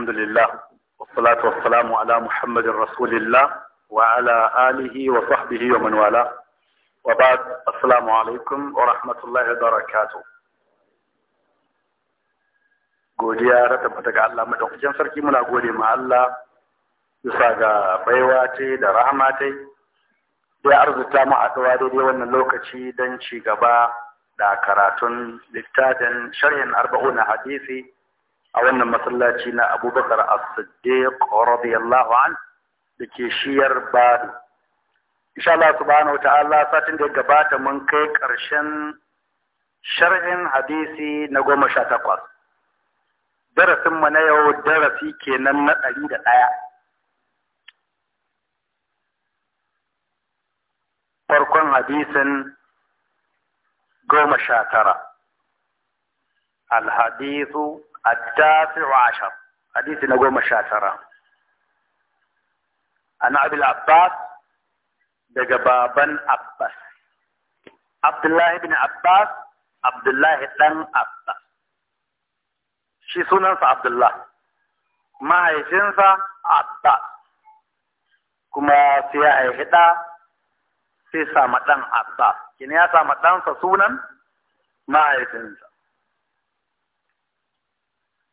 الحمد لله والصلاة والسلام على محمد رسول الله وعلى آله وصحبه ومن والاه وبعد السلام عليكم ورحمة الله وبركاته godiya ta tabbata ga Allah madaukakin sarki muna gode ma Allah bisa ga baiwa ce da rahama ce da arzuta mu a tsawa daidai wannan lokaci don ci gaba da karatun littafin arba'u arba'una hadisi a wannan masallaci na abubakar as-siddiq radiyallahu an da ke shiyar bado insha Allah subhanahu ta'ala satin da gabata mun kai ƙarshen sharhin hadisi na goma sha takwas darasin mu na yau darasi kenan na ɗari da ɗaya farkon hadisin goma sha tara الحديث التاسع عشر حديث نقوم الشاترة عن أبي العباس دقبابا عباس عبد الله بن عباس عبد الله بن عباس shi sunansa Abdullah, mahaifinsa Abba, kuma sai ya haifi ɗa sai sama ɗan Abba, ya sama ɗansa sunan mahaifinsa.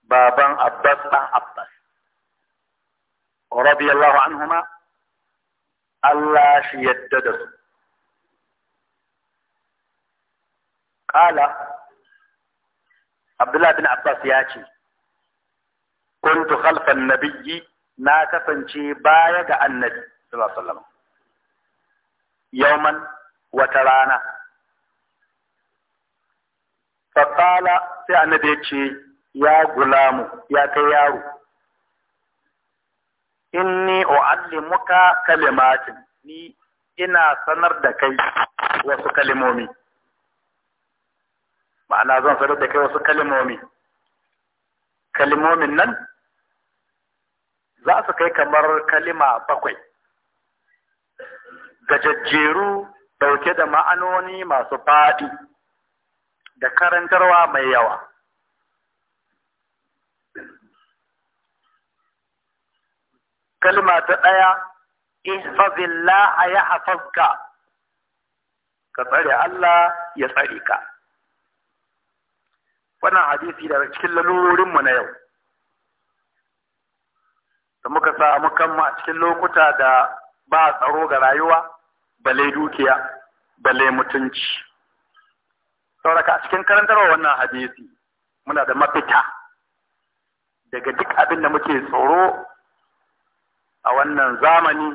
بابان عباس بن عباس رضي الله عنهما الله شيددس قال عبد الله بن عباس ياتي كنت خلف النبي ناكفنشي بايا دا النبي صلى الله عليه وسلم يوما وترانا فقال في النبي ya gulamu ya kai yaro inni u'allimuka kalimatin ni ina sanar da kai wasu kalimomi ma'ana zan sanar da kai wasu kalimomi kalimomin nan za su kai kamar kalima bakwai gajajjeru dauke da ma'anoni masu faɗi da karantarwa mai yawa kalma ta ɗaya ihfazillah ya hafazka ka tsare Allah ya tsare ka wannan hadisi daga cikin lalurorin mu na yau da muka samu kanmu a cikin lokuta da ba tsaro ga rayuwa bale dukiya bale mutunci sauraka a cikin karantarwa wannan hadisi muna da mafita daga duk abin da muke tsoro a wannan zamani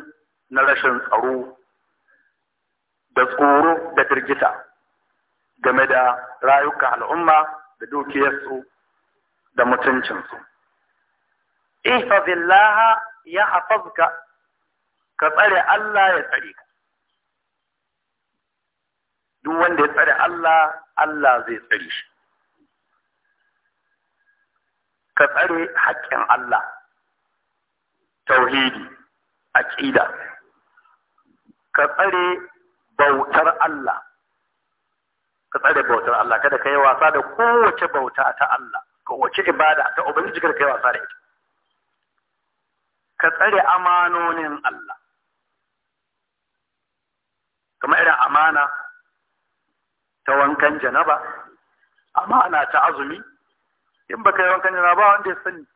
na rashin tsaro da tsoro da firgita game da rayuka al'umma da dukiyarsu da mutuncinsu. Ihfazillaha ya hafazka ka tsare Allah ya tsare ka. Duk wanda ya tsare Allah, Allah zai tsare shi. Ka tsare haƙƙin Allah. tauhidi ƙida, ka tsare bautar Allah ka tsare bautar Allah kada ka yi wasa da kowace bauta ta Allah kowace ibada ta ubangiji kada ka yi wasa da ita ka tsare amanonin Allah kamar irin amana ta wankan janaba amana ta azumi in baka yi wankan janaba wanda ya sani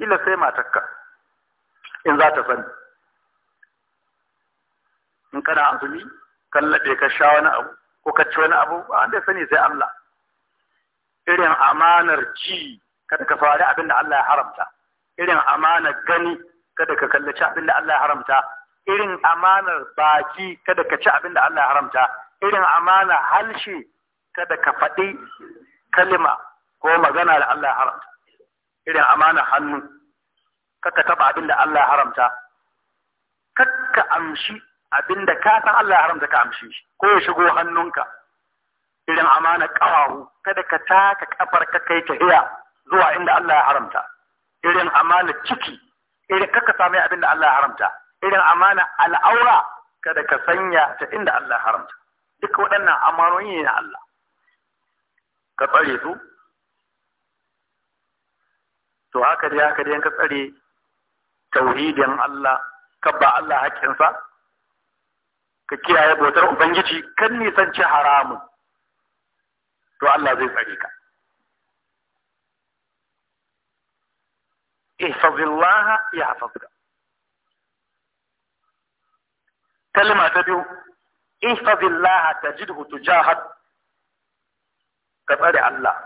ila sai matakka in za ta sani in kana azumi kallabe ka sha wani abu ko ka ci wani abu ba wanda sani sai Allah irin amanar ci kada ka faru abin da Allah ya haramta irin amanar gani kada ka kallaci abin da Allah ya haramta irin amanar baki kada ka ci abin da Allah ya haramta irin amanar halshe kada ka faɗi kalima ko magana da Allah ya haramta irin amanar hannu kakka taba abin da Allah ya haramta kakka amshi abin da ka san Allah ya haramta ka amshi shi ko ya shigo hannunka irin amana ƙawahu kada ka taka kafar ka kai ta iya zuwa inda Allah ya haramta irin amana ciki irin kakka same abin da Allah ya haramta irin amana al'aura kada ka sanya ta inda Allah ya haramta duk waɗannan amanoni ne na Allah ka tsare su to haka dai haka dai ka tsare tauhidin Allah ka ba Allah haƙƙinsa ka kiyaye bautar ubangiji kan nisanci haramun to Allah zai tsare ka ihfazillaha yahfazka kalma ta biyu ihfazillaha tajidhu tujahak ka tsare Allah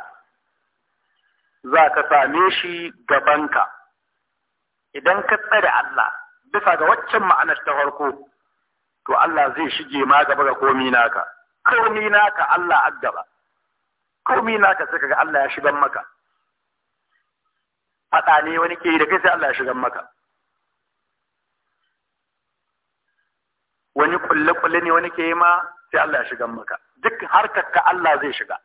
za ka same shi gabanka idan ka tsare Allah bisa ga waccan ma'anar ta farko to Allah zai shige ma gaba ga komi naka komi naka Allah addaba komi naka sai kaga Allah ya shigan maka fada ne wani ke da kai sai Allah ya shigan maka wani kulle kulle ne wani ke yi ma sai Allah ya shigan maka duk harkar ka Allah zai shiga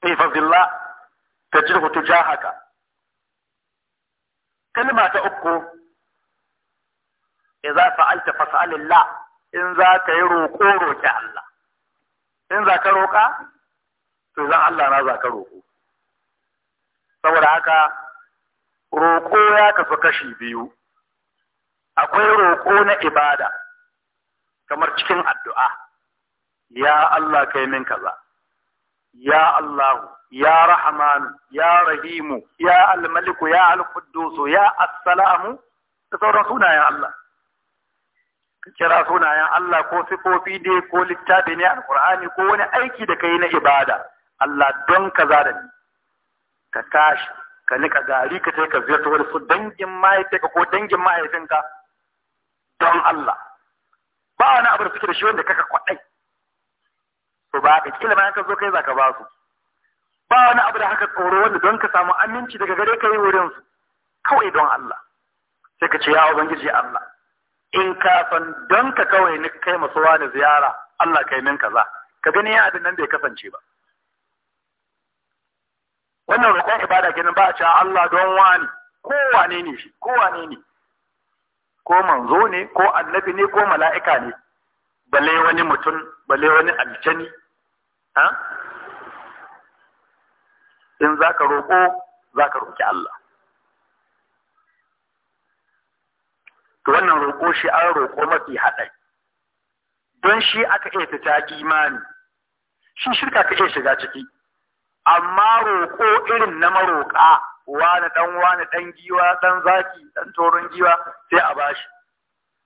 Ifazillah تجره تجاهك كلمة ta uku فعلت فسأل الله in za ka yi roƙo roƙi Allah in za ka roƙa to zan Allah na za ka roƙo saboda haka roƙo ya kasu kashi biyu akwai roƙo na ibada kamar cikin addu'a ya Allah kai min kaza ya Allah ya Rahman ya Rahimu ya al ya Al-Quddus ya Assalamu, Ka da sauran sunayen Allah ka kira sunayen Allah ko sifofi dai ko littafi ne Al-Qur'ani ko wani aiki da kai na ibada Allah don ka da ni ka tashi ka nika gari ka ka ziyarta wani su dangin mahaifinka ko dangin mahaifinka don Allah ba wani abu da suke da shi wanda kaka kwaɗai su ba ka kila ma ka zo kai ka ba su ba wani abu da haka tsoro wanda don ka samu aminci daga gare ka yi wurin su kawai don Allah sai ka ce ya ubangiji Allah in ka san don ka kawai ni kai masuwa da ziyara Allah kai min kaza ka gani ya abin nan bai kasance ba wannan roƙon ibada kenan ba a cewa Allah don wani ko wane ne shi ko wane ne ko manzo ne ko annabi ne ko mala'ika ne bale wani mutum bale wani aljani ha in za ka roƙo za ka roƙi Allah to wannan roƙo shi an roƙo mafi haɗari don shi aka iya fita imani shi shirka ka iya shiga ciki amma roƙo irin na maroƙa wani ɗan wani ɗan giwa ɗan zaki ɗan toron giwa sai a bashi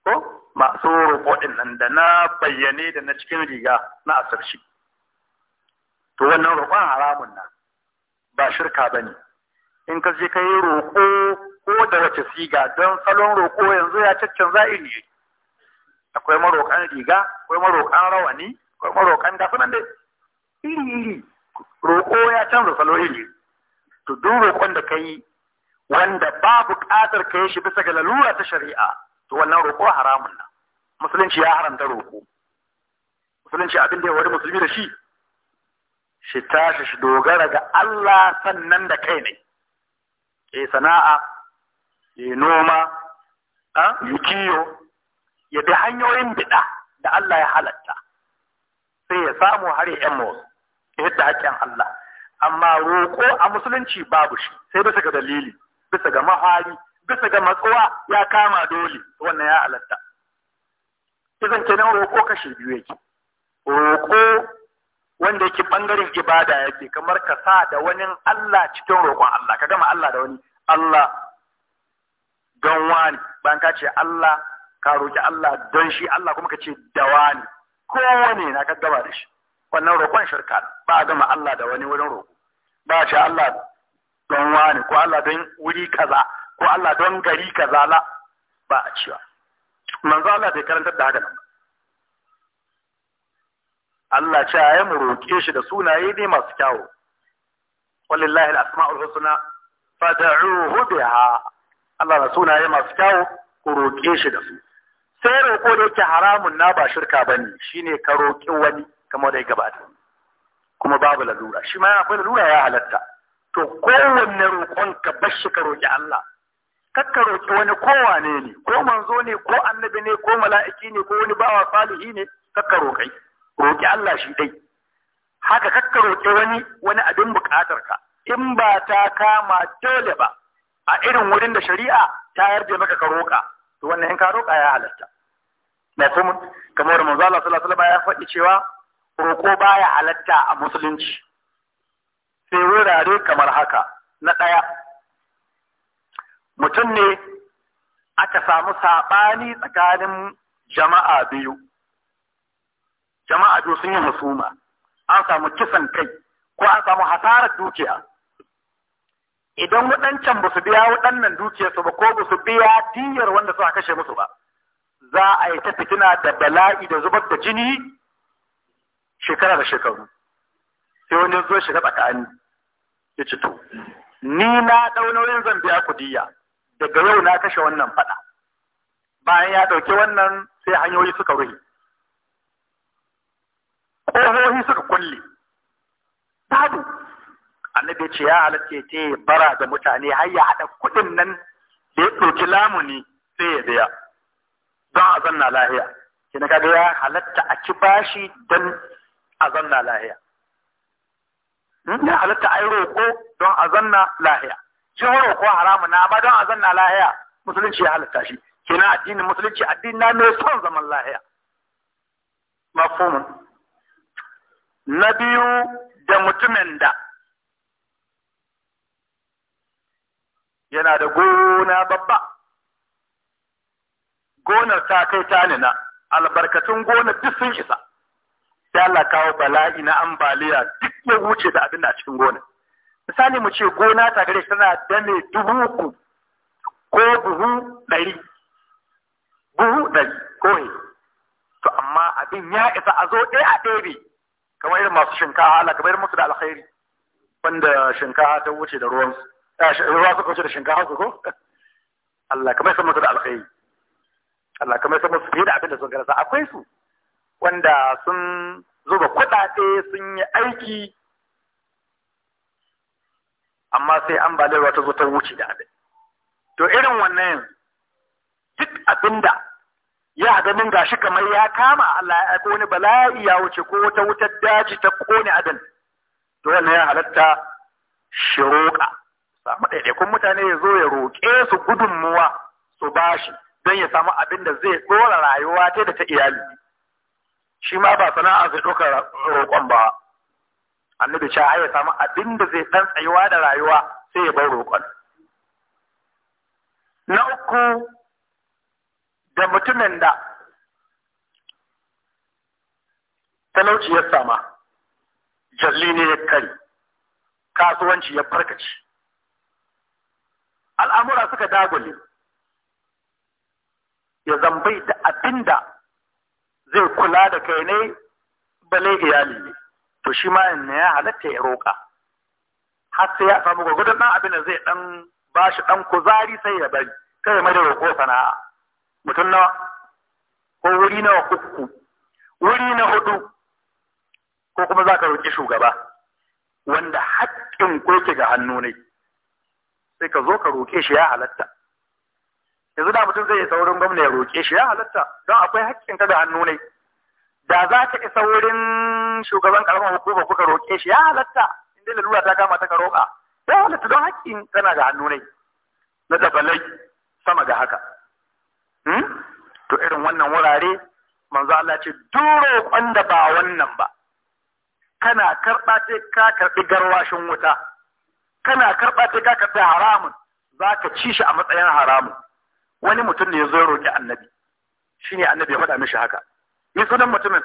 ko masu roƙo ɗin nan da na bayyane da na cikin riga na asarshi. to wannan roƙon haramun na ba shirka ba ne in ka je ka yi roƙo ko da wace siga don salon roƙo yanzu ya caccan za'iri ne akwai maroƙan riga akwai maroƙan rawani akwai maroƙan gasu nan dai iri iri roƙo ya canza salo iri to duk roƙon da ka yi wanda ba buƙatar ka yi shi bisa ga lalura ta shari'a to wannan roƙo haramun na musulunci ya haramta roƙo musulunci abin da ya wari musulmi da shi shi tashi shi dogara ga Allah sannan da kai ne ke sana'a ya noma ah? ya kiyo ya bi hanyoyin bida da Allah ya halatta sai ya samu har ya yan ya yadda haƙƙin Allah amma roƙo a musulunci babu shi sai bisa ga dalili bisa ga mahari bisa ga matsuwa ya kama dole wannan ya halatta izan kenan roƙo kashe biyu yake roƙo wanda yake bangaren ibada yake kamar ka sa da wani Allah cikin roƙon Allah ka gama Allah da wani Allah don wani bayan ka ce Allah ka roƙi Allah don shi Allah kuma ka ce da wani kowane na ka gaba da shi wannan roƙon shirka ba gama Allah da wani wurin roƙo ba ce Allah don wani ko Allah don wuri kaza ko Allah don gari kaza la ba a cewa manzo Allah bai karantar da haka nan Allah ce ya mu roƙe shi da sunaye ne masu kyawu walillahi al’asma’ul asmaul husna fad'uhu biha Allah da sunaye masu kyawu ku roƙe shi da su sai roƙo da yake haramun na ba shirka ba shi ne ka roƙi wani kamar da ya gabata kuma babu lalura shi ma akwai lalura ya halatta to kowanne roƙon ka bashi ka roƙi Allah kakka roƙi wani kowane ne ko manzo ne ko annabi ne ko mala'iki ne ko wani bawa salihi ne kakka roƙai roƙi Allah shi dai haka kakka roƙi wani wani abin buƙatar ka in ba ta kama dole ba a irin wurin da shari'a ta yarje maka ka roƙa to wannan in ka roƙa ya halatta na kuma kamar manzo Allah sallallahu alaihi ya faɗi cewa roƙo baya halatta a musulunci sai wurare kamar haka na ɗaya mutum ne aka samu saɓani tsakanin jama'a biyu jama'a biyu sun yi husuma an samu kisan kai ko an samu hasarar dukiya idan waɗancan ba su biya waɗannan dukiyarsu ba ko ba su biya diyar wanda suka kashe musu ba za a yi ta fitina da bala'i da zubar da jini shekara da shekaru sai wani zo shiga tsakani ya ci to ni na ɗau nauyin zan biya ku diya daga yau na kashe wannan faɗa bayan ya ɗauki wannan sai hanyoyi suka ruhe. ƙofofi suka kulle babu annabi ce ya halatta ta bara da mutane har ya haɗa kuɗin nan da ya ɗauki lamuni sai ya biya don a zanna lahiya na kaga ya halatta a ci bashi don a zanna lahiya hmm? ya halatta a yi roƙo don a zanna lahiya shi roƙo haramu na ba don a zanna lahiya musulunci ya halatta shi kina addinin musulunci addini na mai son zaman lahiya mafhumun na biyu da mutumin da yana da gona babba gonar ta kai ta nina albarkatun gona duk sun isa sai kawo bala'i na ambaliya duk ya wuce da abin da a cikin gona. misali mu ce gona ta gare tana da ne dubu uku ko buhu ɗari buhu ɗari ko to amma abin ya isa a zo ɗaya a ɗebe kamar irin masu shinkafa Allah kamar irin musu da alkhairi wanda shinkafa ta wuce da ruwan eh, ruwa suka wuce da shinkafa su ko Allah kamar san musu da alkhairi Allah kamar san musu fiye da abin da sun garasa akwai su wanda sun zuba kuɗaɗe sun yi aiki amma sai ambaliyar ruwa ta zo ta wuce da abin to irin wannan duk abinda ya adamin gashi kamar ya kama Allah ya aiko wani bala'i ya wuce ko wata wutar daji ta kone adam to wannan ya halatta shi roƙa samu ɗaiɗaikun mutane ya zo ya roƙe su gudunmuwa su bashi don ya samu abin da zai ɗora rayuwa ta da ta iyali shi ma ba sana'a zai ɗaukar roƙon ba annabi ce ya samu abin da zai ɗan tsayuwa da rayuwa sai ya bar roƙon na uku da mutumin da talauci ya sama jalli ne ya kari kasuwanci ya farkaci al'amura suka dagule ya zambai da abinda zai kula da kai ne bale iyali ne to shi ma inna ya halatta ya roƙa har sai ya samu gwagwadon abin da zai ɗan bashi dan ɗan kuzari sai ya bari kai mai da roƙo sana'a mutum nawa ko wuri nawa uku wuri na hudu ko kuma za ka roƙi shugaba wanda haƙƙin ko ga hannu ne sai ka zo ka roƙe shi ya halatta yanzu da mutum zai yi saurin gwamna ya roƙe shi ya halatta don akwai haƙƙin ka ga hannu ne da za ka isa wurin shugaban karamar hukuma kuka roƙe shi ya halatta inda lalura ta kama ta ka roƙa ya halatta don haƙƙin kana ga hannu ne na dabalai sama ga haka Hmm? to irin wannan wurare manzo Allah ce duro wanda ba wannan ba kana karɓa ce ka karɓi garwashin wuta kana karɓa ce ka karɓi haramun za ka ci shi a matsayin haramun wani mutum ne ya zo roƙi annabi shi ne annabi ya faɗa mishi haka ni sunan mutumin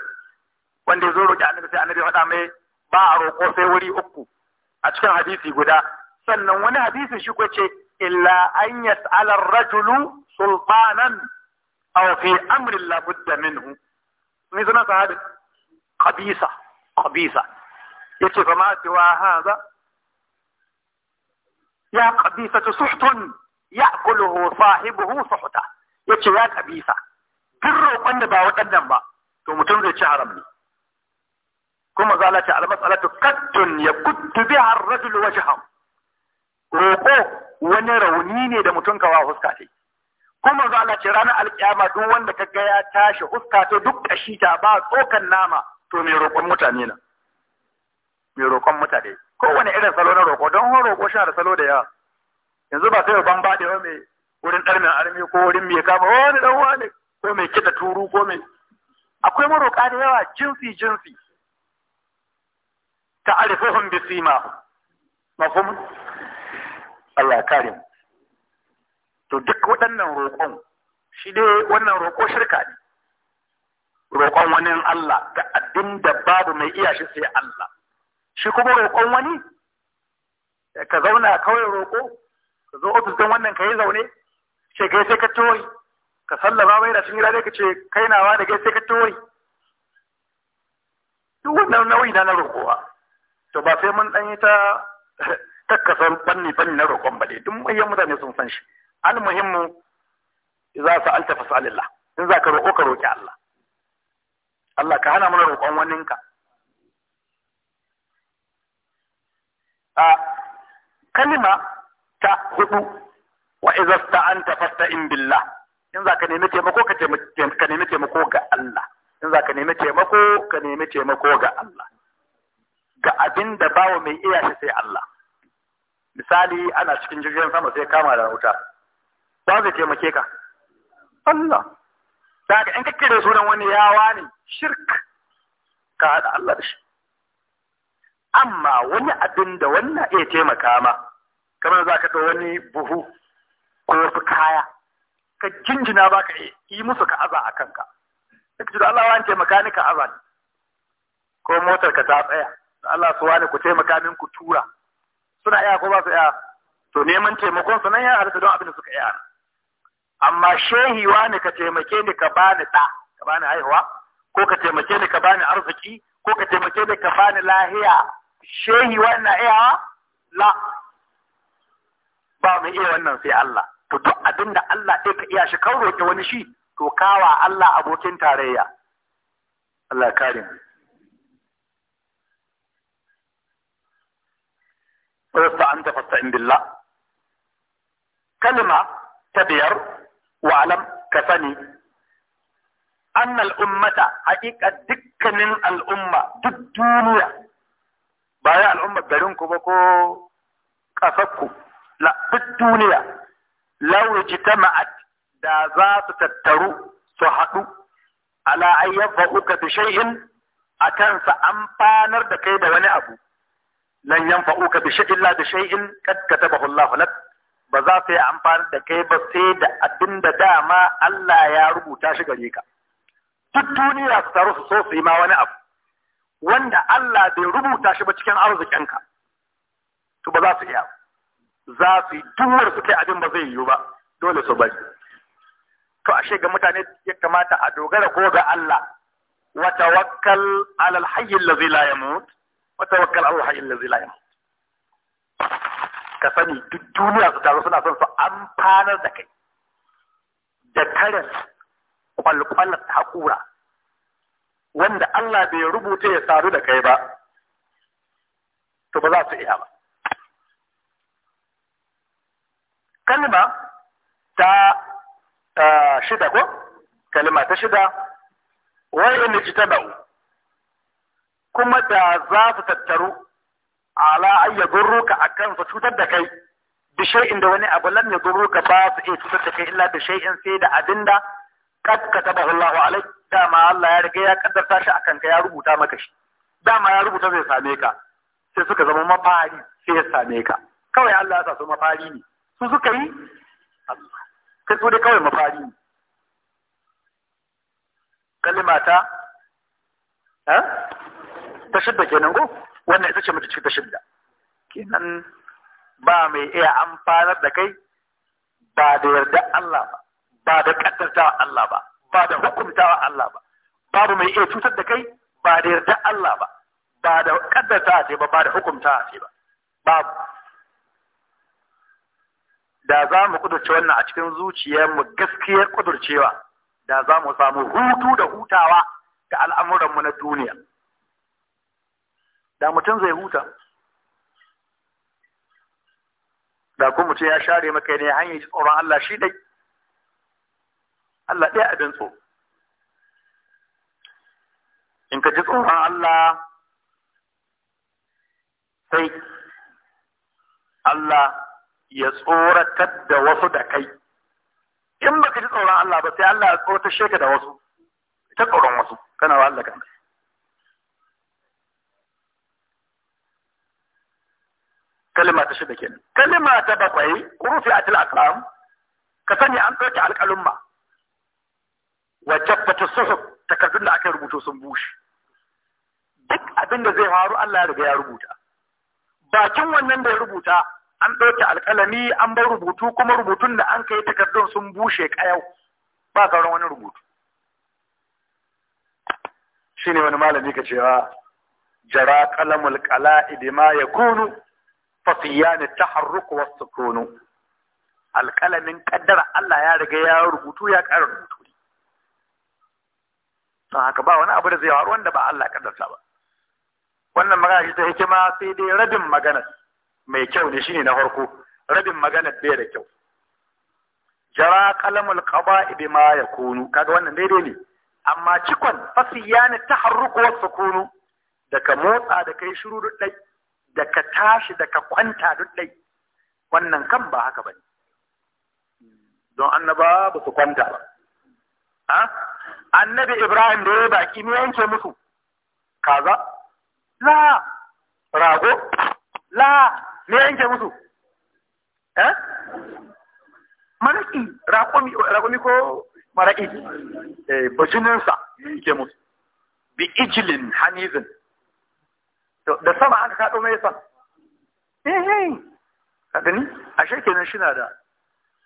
wanda ya zo roƙi annabi sai annabi ya faɗa mai ba a roƙo sai wuri uku a cikin hadisi guda sannan wani hadisi shi ko ce إلا أن يسأل الرجل سلطانا أو في أمر لا بد منه مثل هذا قبيصة قبيصة يتي فما سوى هذا يا قبيصة سحت يأكله صاحبه سحتا يتي يا قبيصة جروا قند با وقدم با تو متون زي كما قالت على مسألة كت يكت بها الرجل وجهه roƙo wani rauni ne da mutum kawa huska ta kuma za a ce ranar alƙiyama duk wanda ka ga ya tashi huska ta duk kashi ta ba tsokan nama to mai roƙon mutane na mai roƙon mutane kowane irin salo na roƙo don hon roƙo shi da salo da yawa yanzu ba sai ban baɗe wa mai wurin ɗarmin armi ko wurin mai kama oh, wani ɗan wani ko mai kiɗa turu ko mai akwai maroƙa da yawa jinsi jinsi ta arifuhun bisima mafhum Allah kare mu to duk waɗannan roƙon shi dai wannan roƙo shirka ne roƙon wani Allah da abin da babu mai iya shi sai Allah shi kuma roƙon wani ka zauna kawai roƙo ka zo ofis don wannan ka yi zaune ce kai sai ka toyi ka sallama mai da shingira dai ka ce kai nawa da kai sai ka toyi duk wannan nauyi na na roƙowa to ba sai mun ɗan yi ta san fanni-fanni na roƙon bale duk manyan mutane sun san shi almuhimmu za su tafi fasalillah in za ka roƙo ka roƙi Allah Allah ka hana mana roƙon waninka a kalima ta hudu wa idza sta'anta fasta'in billah in za ka nemi taimako ka nemi taimako ga Allah in za ka nemi taimako ka nemi taimako ga Allah ga abin da bawa mai iya sai Allah misali ana cikin jirgin sama sai kama da wuta ba zai taimake ka Allah daga in kake da sunan wani yawa ne shirk ka haɗa Allah da shi amma wani abin da wannan iya taimaka ma kamar za ka ɗau wani buhu ko wasu kaya ka jinjina ba ka yi musu ka aza a kanka duk da Allah wani taimaka ni ka aza ko motar ka ta tsaya Allah su wani ku taimaka min ku tura suna iya ko ba su iya to neman taimakon su nan ya halatta don abin da suka iya amma shehi wani ka taimake ni ka bani ɗa ka bani haihuwa ko ka taimake ni ka bani arziki ko ka taimake ni ka bani lahiya shehi wani na iya la ba mu iya wannan sai Allah to duk abin da Allah ɗaya ka iya shi kawo roƙe wani shi to kawa Allah abokin tarayya Allah kare mu ta an tafasta in billa kalma ta biyar wa alam ka sani an al'ummata haƙiƙa dukkanin al'umma duk duniya ba ya al'umma garinku ba ko ƙasarku la duk duniya lau ijtama'at da za su tattaru su haɗu ala ayyaba uka bi shay'in akan sa amfanar da kai da wani abu lan yanfa'uka bi shay'in la bi shay'in qad katabahu Allahu lak ba za su yi amfani da kai ba sai da abin da dama Allah ya rubuta shi gare ka duk duniya su taru su so su yi ma wani abu wanda Allah bai rubuta shi ba cikin arzikinka to ba za su iya za su yi duwar su kai abin ba zai yiwu ba dole su bari to ashe ga mutane ya kamata a dogara ko ga Allah wa tawakkal alal hayy allazi la yamut wa tawakkal Allah hayyul ladzi la ka sani duk duniya su taru suna son su amfanar da kai da karin kwalkwalar haƙura wanda Allah bai rubuta ya sadu da kai ba to ba za su iya ba kalma ta shida ko kalma ta shida wa'in ijtaba'u kuma da za su tattaru ala ayya gurruka a kan su cutar da kai bi shay'in da wani abu lam ya gurruka ba su iya cutar da kai illa bi shay'in sai da abin da kad katabahu Allahu alai dama Allah ya riga ya kaddarta shi akan ka ya rubuta maka shi dama ya rubuta zai same ka sai suka zama mafari sai ya same ka kawai Allah ya sa su mafari ne su suka yi Allah kai su dai kawai mafari ne kalimata eh? ta shidda kenan ko wannan ita ce mace ciki ta shidda kenan ba mai iya amfanar da kai ba da yarda Allah ba ba da kaddartawa Allah ba ba da hukuntawa Allah ba babu mai iya cutar da kai ba da yarda Allah ba ba da kaddartawa ce ba ba da hukuntawa ce ba babu da za mu kudurce wannan a cikin zuciyarmu gaskiyar kudurcewa da za mu samu hutu da hutawa ga al'amuranmu na duniya da mutum zai huta da kuma mutum ya share maka ne hanyar tsoron Allah shi dai Allah ɗaya abin tso. in ka ji tsoron Allah sai Allah ya tsoratar da wasu da kai in ka ji tsoron Allah ba sai Allah ya tsoratar sheka da wasu ta tsoron wasu kana wa Allah kanka kalma ta shida kenan kalma ta bakwai rufi atil aqlam ka sani an ɗauke alƙalumma wa jabbatu suhuf takardun da aka rubuto sun bushe duk abin da zai faru Allah ya riga ya rubuta bakin wannan da ya rubuta an ɗauke alƙalami an bar rubutu kuma rubutun da an kai takardun sun bushe ƙayau ba sauran wani rubutu shine wani malami ka cewa jara qalamul qala'id ma yakunu safiyan at-taharruk wa sukun alqalamin qaddara Allah ya riga ya rubutu ya ƙara rubutu don haka ba wani abu da zai faru wanda ba Allah kaddarta ba wannan magana ta hikima sai dai rabin magana mai kyau ne shine na farko rabin magana bai da kyau jara qalamul qada'i bima yakunu kaga wannan daidai ne amma cikon fasiyana taharruku wa sukunu daga motsa da kai shiru dai da ka tashi da ka kwanta duk dai wannan kan ba haka bane don annaba ba su kwanta ba ha annabi Ibrahim da ya baki ne yanke musu kaza la rago la me yanke musu ha maraki raƙumi mi ko maraki eh bajininsa yanke musu bi ijlin hanizin da sama aka kaɗo mai sama Ehe. ka gani ashe kenan shi na da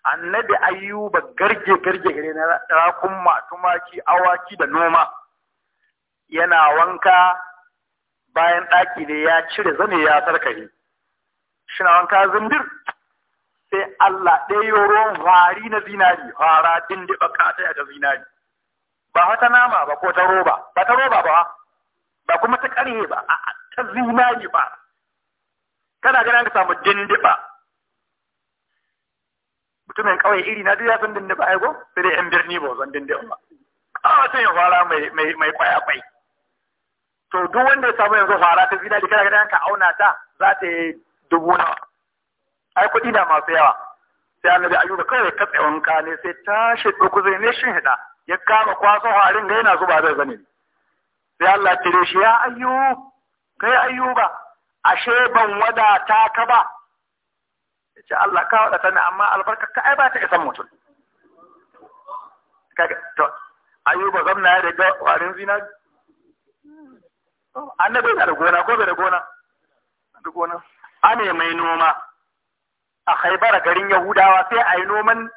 annabi ayyuba garge garge gare na tumaki awaki da noma yana wanka bayan ɗaki ne ya cire zane ya sarkare shina wanka zindir sai Allah ɗaya ruwan fari na zinari hwara dindiɓa kataya ta zinari ba wata nama ba ko ta roba ba ta roba ba ba kuma ta ƙarhe ba ta zinari ba kana gana ka samu dindiba mutumin kawai iri na duk ya san dindiba ai ko sai dai yan birni ba san dindiba ba a sai yin fara mai mai mai kwaya kwai to duk wanda ya samu yanzu fara ta zinari kana gana ka auna ta za ta yi dubu nawa ai kuɗi na masu yawa sai annabi ayyuka kawai ka tsayon ka ne sai shi ɗauku zai ne shin hida ya kama kwaso harin da yana zuba zai zane sai Allah ya tire shi ya ayyu. kai ayyuba ashe ban wadata ka ba ya ce Allah ka wadata ne amma albarka ka ai ba ta isan mutum to ayyuba zamna ya daga warin zina annabi da gona ko bai da gona da gona ane mai noma a haibara garin yahudawa sai a yi noman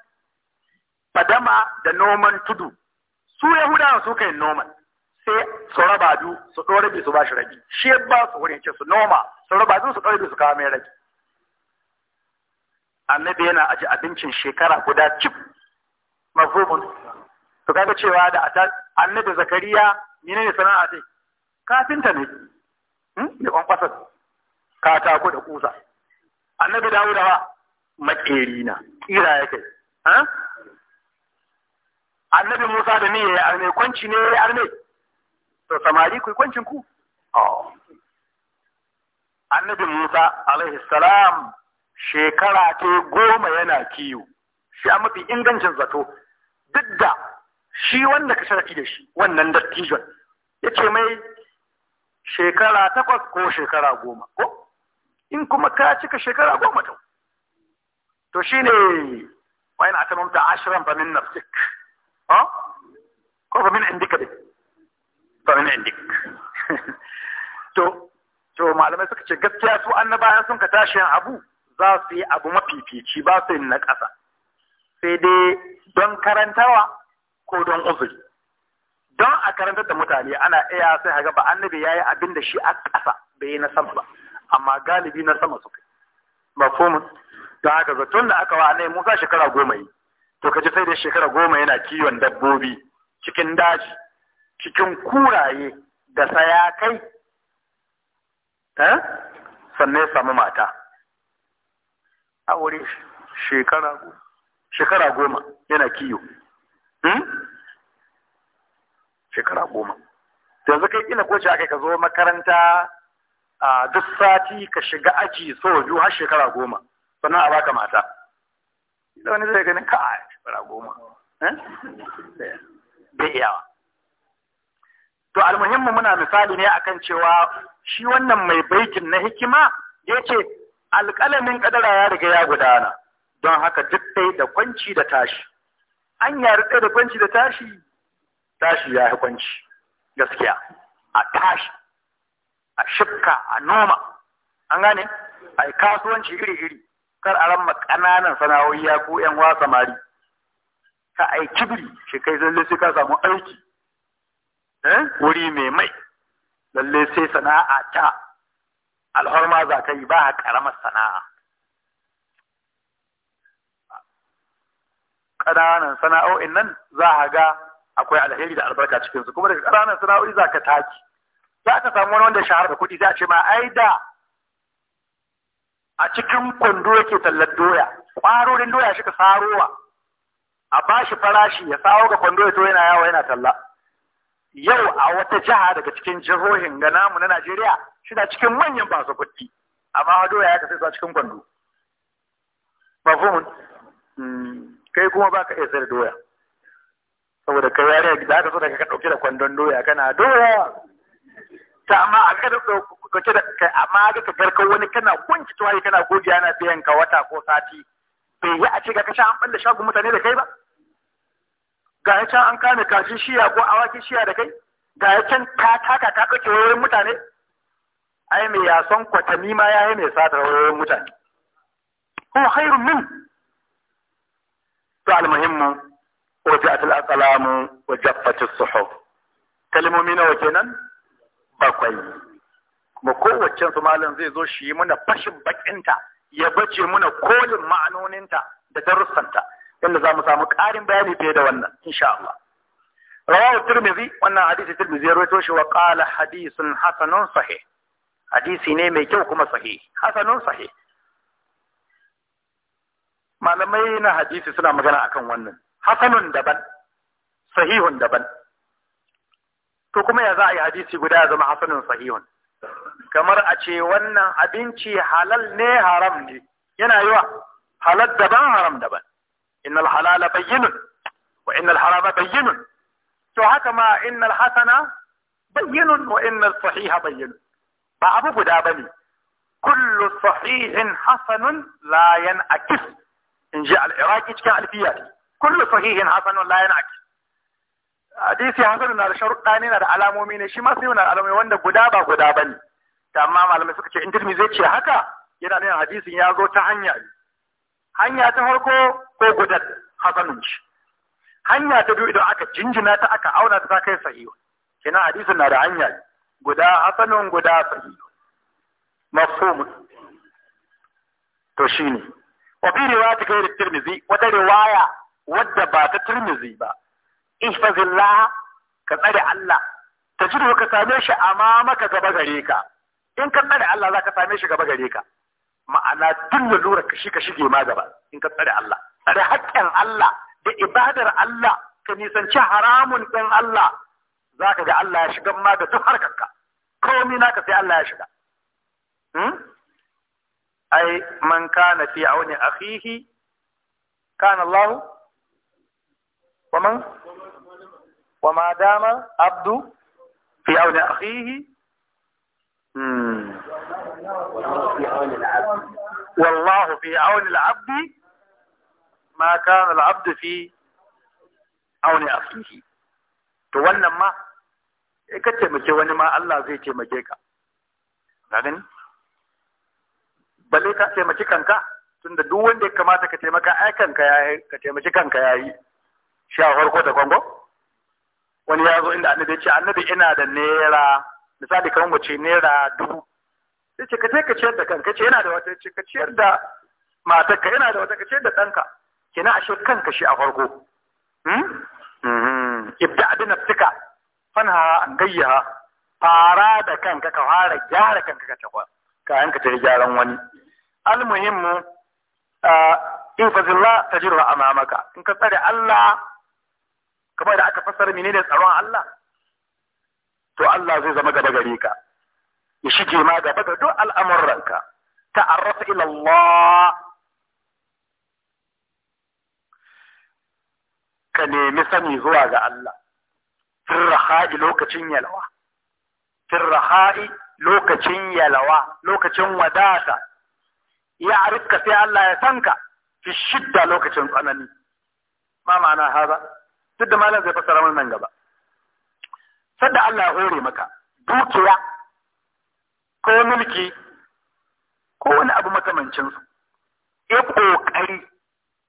fadama da noman tudu su yahudawa su kai noman sai su raba du su ɗora rabi su ba shi rabi shi ba su wurin ce su noma su raba du su ɗora rabi su kawo mai rabi annabi yana aji abincin shekara guda cif mafhumun to kaga cewa da annabi zakariya mene ne sana'a dai kafinta ne hmm? da kwankwasar katako da kusa annabi dawuda ba makeri na kira ya kai annabi musa da ne ya yi arme kwanci ne ya yi arme to samari ku kwancin ku oh. annabi Musa alaihi salam shekara ta goma yana kiyo shi a mafi ingancin zato duk da shi wanda ka sharaɗi da shi wannan dattijon ya ce mai shekara takwas ko shekara goma ko in kuma ka cika shekara goma to to shi ne wayan a tamamta ashirin fa min nafsik oh? ko fa indika dai to to malamai suka ce gaskiya su bayan sun ka tashi abu za su yi abu mafifici ba su yi na ƙasa sai dai don karantawa ko don uzuri don a karantar da mutane ana iya sai haga ba annabi yayi abin da shi a ƙasa bai yi na sama ba amma galibi na sama suka komai, don haka zaton da aka wa annabi Musa shekara goma yi to kaji sai dai shekara goma yana kiwon dabbobi cikin daji cikin kuraye da sayakai eh, sannan ya samu mata aure shekara goma yana kiyo hmm? shekara goma yanzu kai ina koce aka ka zo makaranta a duk sati ka shiga aji so biyu har shekara goma sannan a baka mata ina wani zai ganin ka a shekara goma da eh? iyawa to almuhimmu muna misali ne akan cewa shi wannan mai baitin na hikima ya ce alƙalamin kadara ya riga ya gudana don haka duk dai da kwanci da tashi an ya riƙe da kwanci da tashi tashi ya yi kwanci gaskiya a tashi a shifka a noma an gane a kasuwanci iri-iri kar a ramma ƙananan sana'o'i ya ko 'yan wasa mari ka ai kibiri shi kai zai ka samu aiki Eh? wuri mai mai lalle sai sana'a ta alhorma za ka yi ba a karamar sana'a ƙananan sana'o'in nan za a ga akwai alheri da albarka cikinsu kuma daga ƙananan sana'o'i za ka taki za ka samu wani wanda shahara da kuɗi za a ce ma ai da a cikin kwando yake tallar doya ƙwarorin doya shi ka sarowa a bashi farashi ya sawo ga kwando ya to yana yawa yana talla yau a wata jiha daga cikin jihohin ga namu na Najeriya suna cikin manyan basu kuɗi amma hado ya kasance a cikin kwando mafhumun mm, kai kuma baka iya sayar doya saboda kai yare da aka so daga ka da kwandon doya kana doya ta amma a ka dauke da kai amma ga ka garka wani kana kunci tuwaye kana godiya na biyan ka wata ko sati bai yi a ce ga kasha an ɓalla shagun mutane da kai ba ga ya can an kame kashin shiya ko awakin shiya da kai ga ya can ta taka ta kake wayoyin mutane ai mai yason kwatami ma yayi mai satar wayoyin mutane ko khairun min to almuhimmu wajat al-aqlam wa jaffat as-suhuf kalmomi nawa kenan bakwai kuma kowace su malam zai zo shi muna fashin bakinta ya bace muna kolin ma'anoninta da darussanta Inda za mu samu ƙarin bayani fiye da wannan insha Allah rawahu tirmidhi wannan hadisi tirmidhi ya rawaito shi wa qala hadithun hasanun sahih hadisi ne mai kyau kuma sahih hasanun sahih malamai na hadisi suna magana akan wannan hasanun daban sahihun daban to kuma ya za a yi hadisi guda ya zama hasanun sahihun kamar a ce wannan abinci halal ne haram ne yana yiwa halal daban haram daban innal halala bayyinun wa innal harama bayyinun to haka ma innal hasana bayyinun wa innal sahiha bayyinun ba abu guda bane kullu sahihin hasanun la yanakis in ji al-iraqi cikin alfiya kullu sahihin hasanun la yanakis hadisi hasan na da sharuɗa ne na da alamomi ne shi ma sai na alamomi wanda guda ba guda bane amma malamai suka ce in tirmi zai ce haka yana nuna hadisin ya zo ta hanya ne hanya ta farko ko gudar hasanun shi hanya ta biyu idan aka jinjina ta aka auna ta kai sahihu kina hadisu na da hanya guda hasanun guda sahihu mafhumu to shine wa fi kai da tirmizi wata riwaya wadda ba ta tirmizi ba ihfazillah ka tsare Allah tajidu ka same shi amma maka gaba gare ka in ka tsare Allah za ka same shi gaba gare ka ma'ana tun lalurar ka shi ka shige ma gaba in ka tsare Allah tsare haƙƙin Allah da ibadar Allah ka nisanci haramun ɗin Allah za ka ga Allah ya shiga ma da duk harkarka komi naka sai Allah ya shiga ai man kana fi auni akhihi kana Allah wa man wa ma dama abdu fi auni akhihi hmm. والله في عون العبد ما كان العبد في عون أخيه to wannan ma ka taimake wani ma Allah zai taimake ka na gani balle ka taimaki kanka tunda duk wanda ya kamata ka taimaka ai kanka yayi ka taimaki kanka yayi shi a farko da kwango wani ya zo inda annabi ya ce annabi ina da nera, misali kamar mu ce naira dubu Sai ka je ka ciyar da kanka ce yana da wata ce ka ciyar da matarka yana da wata ka ciyar da ɗanka kina ashe kanka shi a farko hmm? Hmm. ibda bi nafsika fanha an gayyaha fara da kanka ka fara gyara kanka ka tafa kayan ka tafi gyaran wani almuhimmu ah, in fazilla tajiru amamaka in ka tsare Allah kamar da aka fassara menene tsaron Allah to Allah zai zama gaba gare ka ya shige ma gaba da duk al'amuranka ta'arrafa ila Allah ka nemi sani zuwa ga Allah firraha'i lokacin yalwa firraha'i lokacin yalwa lokacin wadata ya arifka sai Allah ya sanka fi shidda lokacin tsanani ma ma'ana haza duk da malam zai mun nan gaba sadda Allah ya hore maka dukiya ko mulki ko wani abu makamancinsu ya ƙoƙari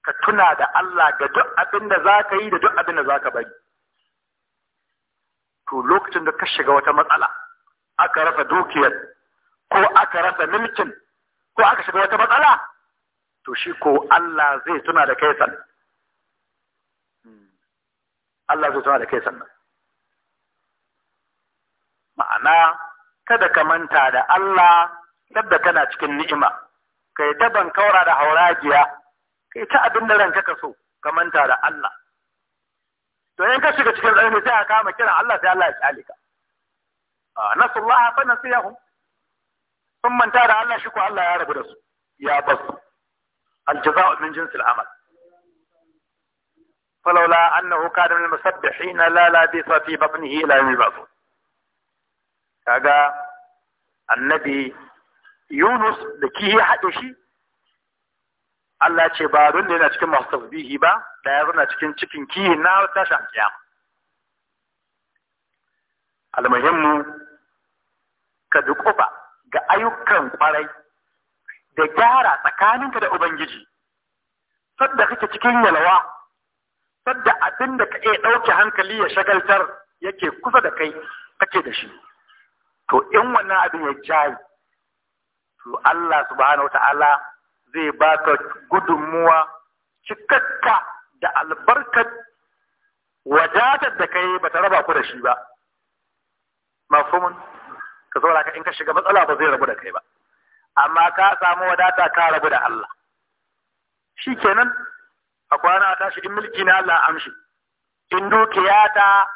ka tuna da Allah da duk abin da za ka yi da duk abin da za ka bari to lokacin da ka shiga wata matsala aka rasa dukiyar ko aka rasa mulkin ko aka shiga wata matsala to shi ko Allah zai tuna da kai sannan Allah zai tuna da kai sannan ma'ana kada ka manta da Allah sadda kana cikin ni'ima kai ta ban kaura da hauragiya kai ta abin da ranka ka so ka manta da Allah to in ka shiga cikin tsarin sai ka kama kira Allah sai Allah ya kyale ka nasullah fa nasiyahum sun manta da Allah shi ko Allah ya rabu da su ya basu aljaza'u min jinsil amal فلولا أنه كان من المسبحين لا لبث في بطنه إلى يوم يبعثون kaga annabi Yunus da ki ya haɗe shi Allah ce ba don da yana cikin masu tasbihi ba da ya zana cikin cikin kihin na a kiyama almuhimmu ka duƙufa ga ayyukan kwarai da gyara tsakaninka da ubangiji sadda kake cikin yalwa sadda abin da ka iya ɗauke hankali ya shagaltar yake kusa da kai kake da shi to in wannan abin ya jayi to Allah subhanahu ta'ala zai baka gudunmuwa cikakka da albarkar wadatar da kai ba ta raba ku da shi ba mafhumin ka saboda ka in ka shiga matsala ba zai rabu da kai ba amma ka samu wadata ka rabu da Allah shi kenan a kwana tashi in mulki na Allah amshi in dukiya ta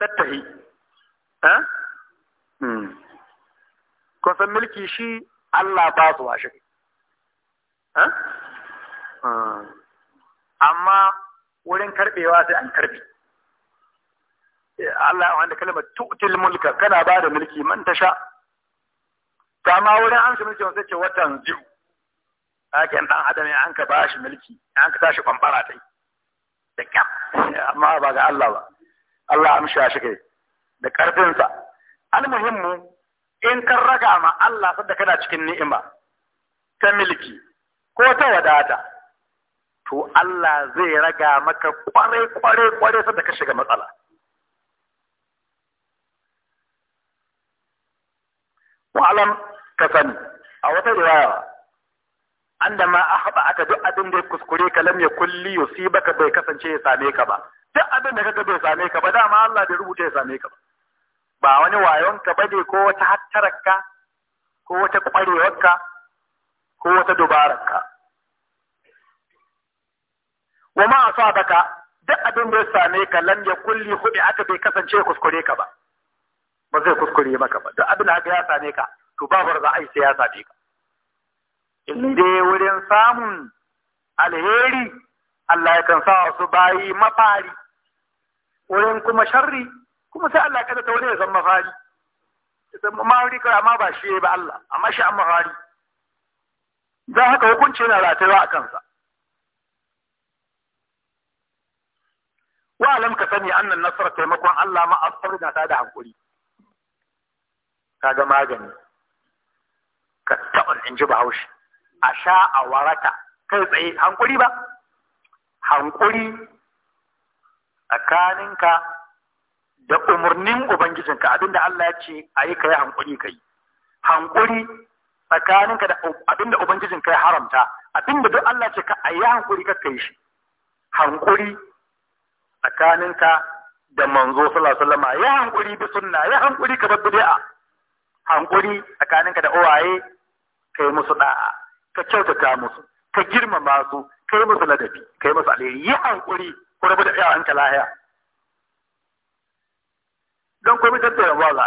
tattahi eh? Hmm. kusan mulki shi Allah ba su washe hmm. amma wurin karbewa sai an karbe eh, Allah wanda kalmar tu'til mulka kana ba da mulki man tasha kama wurin an shi mulki sai ce watan jiu hakan ɗan adam ya an ka ba shi mulki an ka tashi ta yi. da kyam eh, amma ba ga Allah ba Allah amsha shi kai da ƙarfinsa. almuhimmu in kan raga ma Allah sadda kana cikin ni'ima ta milki ko ta wadata to Allah zai raga maka kware kware kware sadda ka shiga matsala wa'alam ka sani a wata riwaya anda ma a haɓa aka duk abin da ya kuskure ka lam ya kulli baka bai kasance ya same ka ba duk abin da kaga bai same ka ba dama Allah bai rubuta ya same ka ba ba wani wayon ba ne ko wata hattararka ko wata ƙwarewarka ko wata dubararka wa ma asabaka duk abin da ya same ka lam ya kulli hudi aka bai kasance kuskure ka ba ba zai kuskure maka ba duk abin da haka ya same ka to babar za a yi sai ya same ka in dai wurin samun alheri Allah ya kan sa wasu bayi mafari wurin kuma sharri kuma sai Allah ya ta wani ya san mafari san mafari kara ma ba shi ba Allah amma shi an mafari dan haka hukunci yana ratayewa a kansa wa alam ka sani annan nasara taimakon Allah ma asfar da ta da hankuri kaga magani ka taɓa in ji bahaushe a sha a warata kai tsaye hankuri ba hankuri tsakaninka da umarnin ubangijinka abinda Allah ya ce a yi ka yi hankuri ka yi hankuri tsakaninka da abinda ubangijinka ya haramta abinda duk Allah ce ka a yi hankuri ka kai shi hankuri tsakaninka da manzo sallallahu ya hankuri bi sunna ya hankuri ka babbi da'a hankuri tsakaninka da uwaye kai musu da'a ka kyautata musu ka girmama su kai musu ladabi kai musu alheri ya hankuri ku rabu da iyawanka lahiya don kuma tattara ba za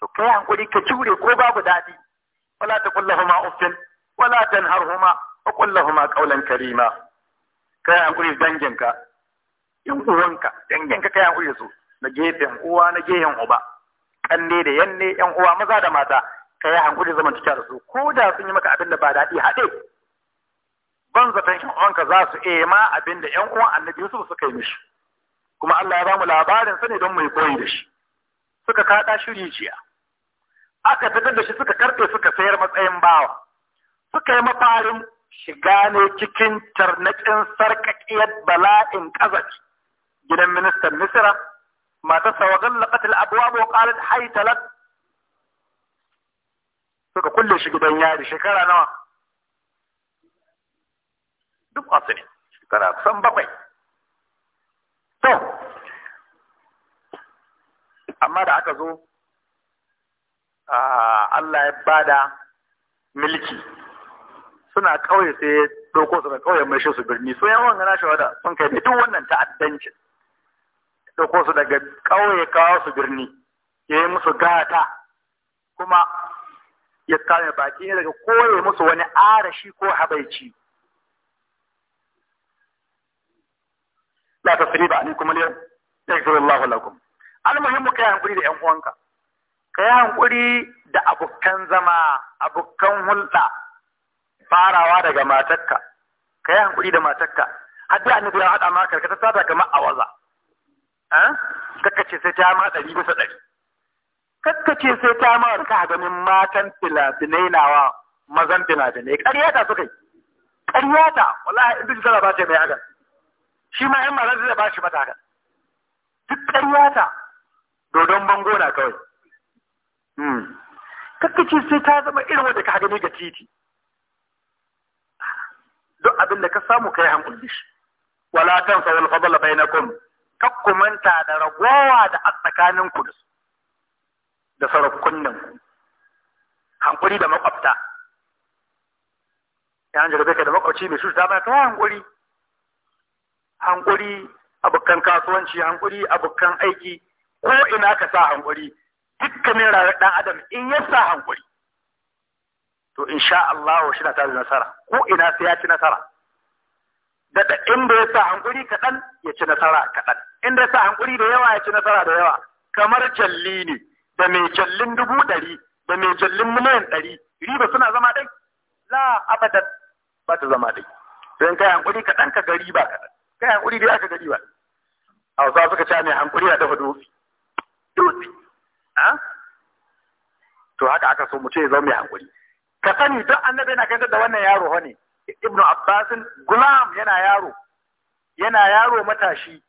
to kai hankuri ka jure ko babu daɗi wala ta huma uffin wala tanharhuma wa huma qawlan karima kai hankuri danginka in uwanka danginka kai hankuri su na gefen uwa na gehen uba kanne da yanne ƴan uwa maza da mata kai hankuri zaman cikin da su ko da sun yi maka abin da ba daɗi haɗe ban zaton ƴan uwanka za su iya ma abin da yan uwan annabi Yusuf suka yi mishi kuma Allah ya ba mu labarin sani don mu yi koyi da shi suka kada shiri jiya aka fitar da shi suka karɓe suka sayar matsayin bawa suka yi mafarin shiga ne cikin tarnakin sarƙaƙiyar bala'in kazaj gidan ministan misira mata sawagan laƙatul abuwa wa qalat haytalat suka kulle shi gidan yari shekara nawa duk ne, shekara kusan bakwai to amma da aka zo Allah ya bada milki suna kauye sai ya ɗauko su da kauye mai shi su birni su gana shi wada sun kai duk wannan ta'addancin ɗauko su daga kauye kawo su birni ya yi musu gata kuma ya kame baki ne daga koye musu wani arashi ko habaici la tasriba alaikum al-yawm yaghfirullahu lakum almuhimmu kai hankuri da yan uwanka kai hankuri da abokan zama abokan hulɗa farawa daga matarka kai hankuri da matarka hadda da annabi hada ma ta sata kamar awaza eh kakkace sai ta ma ɗari bisa dari kakkace sai ta ma ka min matan filafinai nawa mazan filafinai ƙarya ta suka yi ƙarya ta wallahi in duk zara ba ce mai hakan shi ma yan mazan zai ba shi mata hakan duk ƙarya ta dodon bango na kawai hmm. kakkace sai ta zama irin wanda ka gani ga titi duk abin da ka samu kai hankali shi wala tansa wal fadl bainakum kumanta da ragowa da a tsakanin ku da sarakunan ku hankuri da makwabta ya jarabe ka da makwabci mai shuta ba kai hankuri hankuri abukan kasuwanci hankuri abukan aiki ko ina ka sa hankuri dukkanin rarar dan adam in ya sa hankuri to insha Allah shi na tare nasara ko ina sai ya ci nasara daga inda ya sa hankuri kaɗan ya ci nasara kaɗan inda ya sa hankuri da yawa ya ci nasara da yawa kamar jalli ne da mai jallin dubu ɗari da mai jallin miliyan ɗari riba suna zama ɗai la abadan ba ta zama ɗai don kai hankuri kaɗan ka gari ba kaɗan kai hankuri dai aka gari ba? a wasu suka ca mai hankuri a dafa dutse dutse ah? to haka aka so mu ce zama mai hakuri ka sani duk annabi yana kantar da wannan yaro ne ibnu abbasin gulam yana yaro yana yaro matashi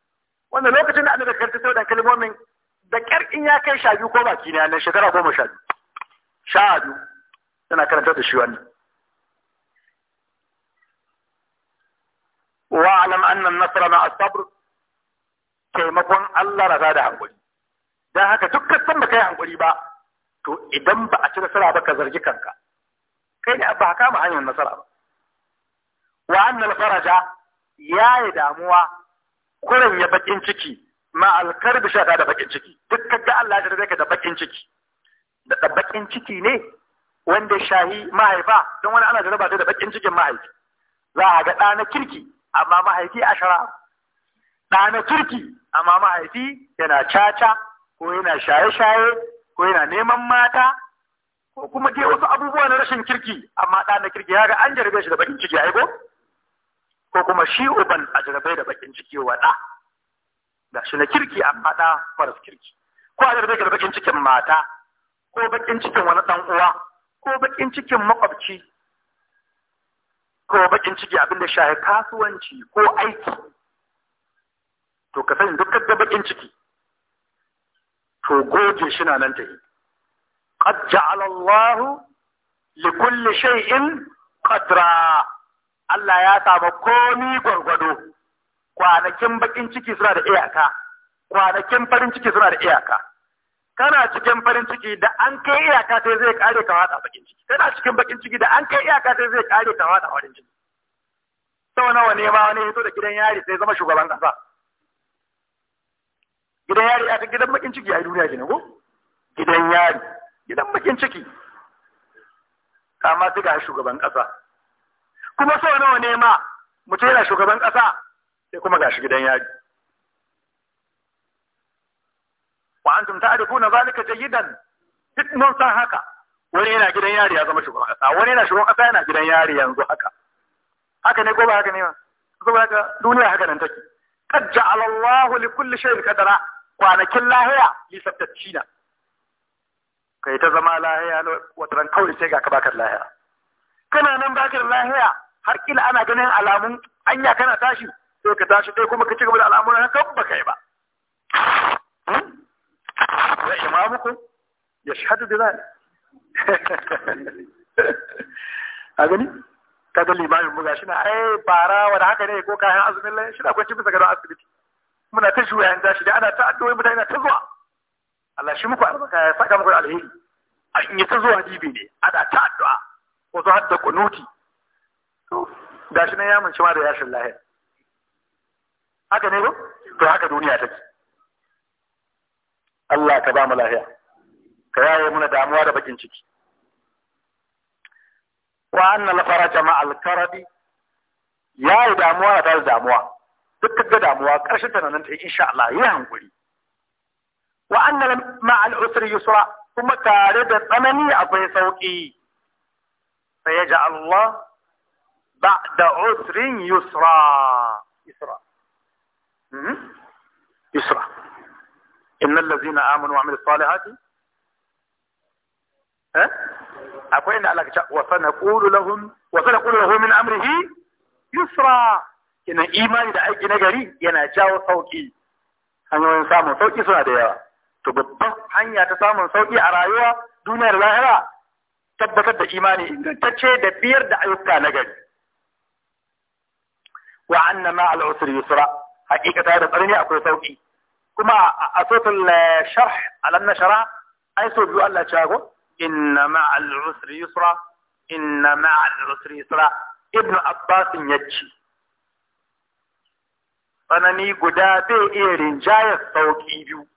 Wannan lokacin da annabi kantar sau da kalmomin da kyar ya kai sha biyu ko baki ne nan shekara goma sha biyu sha biyu yana karanta da shi wannan wa'alam annan nasara na asabr taimakon Allah rasa da hankali don haka duk kasan baka yi hankuri ba to idan ba a ci nasara ba ka zargi kanka kai ne ba kama hanyar nasara ba wa annal faraja ya yi damuwa kuran ya bakin ciki ma alkar shata da bakin ciki duk kaga Allah ya ka da bakin ciki da bakin ciki ne wanda shahi mahaifa don wani ana jaraba da bakin cikin mahaifi za a ga ɗana kirki amma mahaifi a shara ɗana kirki amma mahaifi yana caca ko yana shaye-shaye ko yana neman mata ko kuma dai wasu abubuwa na rashin kirki amma ɗan da kirki ya ga an jarabe shi da bakin ciki aiko ko kuma shi uban a jarabe da bakin ciki wa ɗa ga shi na kirki amma ɗa faras kirki ko a jarabe da bakin cikin mata ko bakin cikin wani ɗan uwa ko bakin cikin makwabci ko bakin ciki abin da shaye kasuwanci ko aiki to ka sani dukkan da bakin ciki to goje shi na nan ta yi qad ja'ala Allah li kulli shay'in qadra Allah ya sami komi gwargwado kwanakin bakin ciki suna da iyaka kwanakin farin ciki suna da iyaka kana cikin farin ciki da an kai iyaka sai zai kare ka wada bakin ciki kana cikin bakin ciki da an kai iyaka sai zai kare ka wada farin ciki sau nawa ne ma wani hito da gidan yari sai zama shugaban kasa gidan yari aka gidan bakin ciki a duniya gina ko gidan yari gidan bakin ciki kama ga shugaban kasa kuma so nawa ne ma mutum yana shugaban kasa sai kuma gashi gidan yari wa antum ta'rifuna zalika jayyidan duk mun san haka wani yana gidan yari ya zama shugaban kasa wani yana shugaban kasa yana gidan yari yanzu haka haka ne ko ba haka ne ba saboda haka duniya haka nan take qad ja'ala Allahu li kulli shay'in kadara. kwanakin lahiya lissaftacci na kai ta zama lahiya wata ran kawai sai ga ka bakar lahiya kana nan bakar lahiya har kila ana ganin alamun anya kana tashi sai ka tashi kai kuma ka ci gaba da alamun al'amuran kan baka yi ba ya imamu ku ya yashhadu da dhalik a gani kaga limamin mu gashi na ai bara da haka ne ko kayan azumin lahiya shi da kwanci bisa ga asibiti muna ta shuwa yanzu shi da ana ta addu'o'i mutane na ta zuwa Allah shi muku albarka ya saka muku alheri a in ta zuwa jibi ne ana ta addu'a ko zuwa da kunuti to shi nan ya mun ma da yashin lahiya haka ne ba to haka duniya take Allah ka ba mu lahiya ka yaye muna damuwa da bakin ciki wa anna al-faraja ma al-karabi yi damuwa da damuwa duk ka ga damuwa ƙarshen ta nan ta insha Allah yi hankuri wa anna ma al usri yusra kuma tare da tsanani akwai sauki sai ya ja Allah ba'da usrin yusra yusra يسرى إن الذين آمنوا وعملوا الصالحات ها أقول إن الله وسنقول لهم وسنقول له من أمره يسرى ina imani da aiki na gari yana jawo sauki hanyoyin samun sauki suna da yawa to babban hanya ta samun sauki a rayuwa duniyar lahira tabbatar da imani ingantacce da biyar da ayyuka na gari wa anna ma al usri yusra haqiqata da tsarni akwai sauki kuma a sotul sharh alam nashara ai so biyu Allah ta go inna ma al usri yusra inna ma al usri yusra ibn abbas yace tsanani guda zai iya rinjayar sauƙi biyu